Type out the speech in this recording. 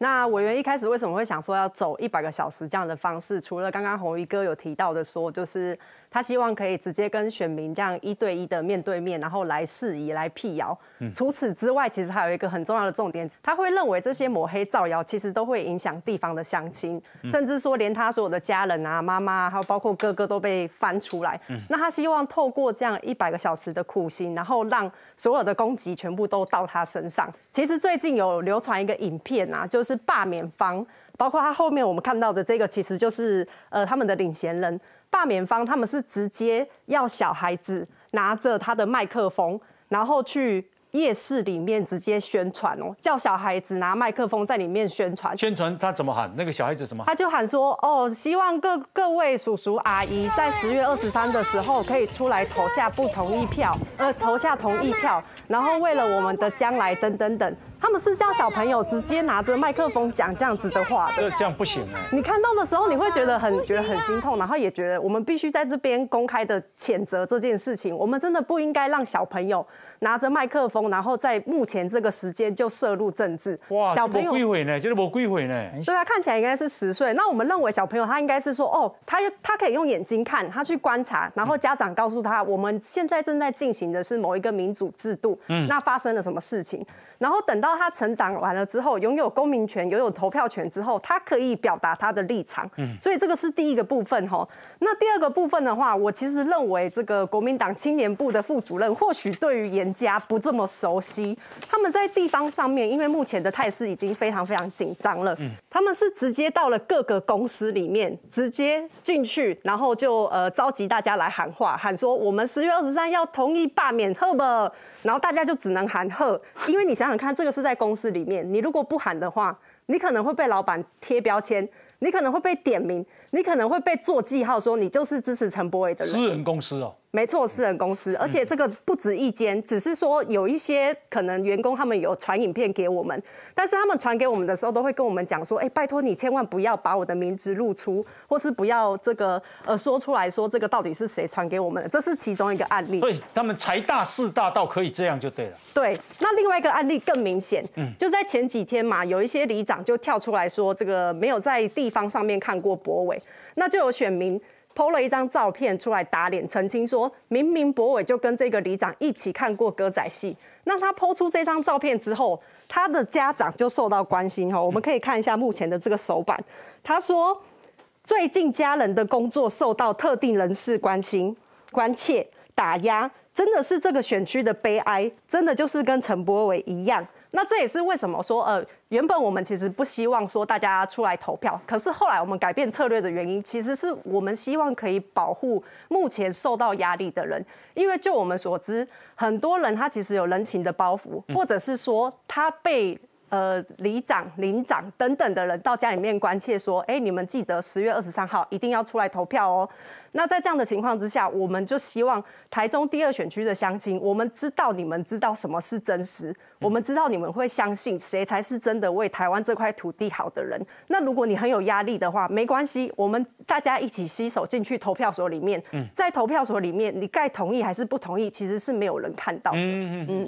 那委員一開始為什麼會想說要走一百個小時這樣的方式？除了剛剛紅衣哥有提到的說，就是他希望可以直接跟選民這樣一對一的面對面，然後來釋疑、來闢謠。嗯，除此之外，其實還有一個很重要的重點，他會認為這些抹黑造謠其實都會影響地方的鄉親、嗯，甚至說連他所有的家人啊、媽媽、啊，還有包括哥哥都被翻出來。嗯，那他希望透過這樣一百個小時的苦心，然後讓所有的攻擊全部都到他身上。其實最近有流傳一個影片啊，就是。是罷免方，包括他後面我們看到的這個，其實就是呃他們的領銜人罷免方，他們是直接要小孩子拿着他的麥克風，然後去夜市裡面直接宣傳哦，叫小孩子拿麥克風在裡面宣傳。宣傳他怎麼喊？那個小孩子什麼？他就喊說：“哦，希望各各位叔叔阿姨在十月二十三的時候可以出來投下不同意票，呃，投下同意票，然後為了我們的將來，等等等。”他們是叫小朋友直接拿着麥克風講這樣子的話的，這樣不行哎！你看到的時候，你會覺得很覺得很心痛，然後也覺得我們必須在這邊公開的譴責這件事情。我們真的不應該讓小朋友拿着麥克風，然後在目前這個時間就涉入政治。哇，小朋友幾歲呢？就是無幾歲呢？對啊，看起來應該是十歲。那我們認為小朋友他應該是說，哦，他他可以用眼睛看，他去觀察，然後家長告訴他，我們現在正在進行的是某一個民主制度，嗯，那發生了什麼事情？然後等到。當他成長完了之後，擁有公民權、擁有投票權之後，他可以表達他的立場。嗯，所以這個是第一個部分哈。那第二個部分的話，我其實認為這個國民黨青年部的副主任或許對於顏家不這麼熟悉。他們在地方上面，因為目前的態勢已經非常非常緊張了。嗯，他們是直接到了各個公司裡面，直接進去，然後就呃召集大家來喊話，喊說我們十月二十三要同意罷免赫本，然後大家就只能喊赫，因為你想想看這個。是在公司裡面，你如果不喊的話，你可能會被老闆貼標籤。你可能會被點名，你可能會被做記號，說你就是支持陳柏惟的人。私人公司哦，沒錯，私人公司，嗯、而且這個不止一間，只是說有一些可能員工他們有傳影片給我們，但是他們傳給我們的時候，都會跟我們講說，哎、欸，拜託你千萬不要把我的名字露出，或是不要這個呃說出來說，這個到底是誰傳給我們的，這是其中一個案例。所以他們財大勢大，到可以這樣就對了。對，那另外一個案例更明顯，嗯，就在前幾天嘛，有一些里長就跳出來說，這個沒有在地。地方上面看過柏惟，那就有選民拋了一張照片出來打臉澄清，說明明柏惟就跟這個里長一起看過歌仔戲。那他拋出這張照片之後，他的家長就受到關心哈。我們可以看一下目前的這個手板，他說最近家人的工作受到特定人士關心、關切、打壓，真的是這個選區的悲哀，真的就是跟陳柏惟一樣。那這也是為什麼說，呃，原本我們其實不希望說大家出來投票，可是後來我們改變策略的原因，其實是我們希望可以保護目前受到壓力的人，因為就我們所知，很多人他其實有人情的包袱，或者是說他被。呃，里長、鄰長等等的人到家裡面關切說：“哎、欸，你們記得十月二十三號一定要出來投票哦。”那在這樣的情況之下，我們就希望台中第二選區的鄉親，我們知道你們知道什麼是真實，嗯、我們知道你們會相信誰才是真的為台灣這塊土地好的人。那如果你很有壓力的話，沒關係，我們大家一起攜手進去投票所裡面、嗯，在投票所裡面，你蓋同意還是不同意，其實是沒有人看到的。嗯嗯。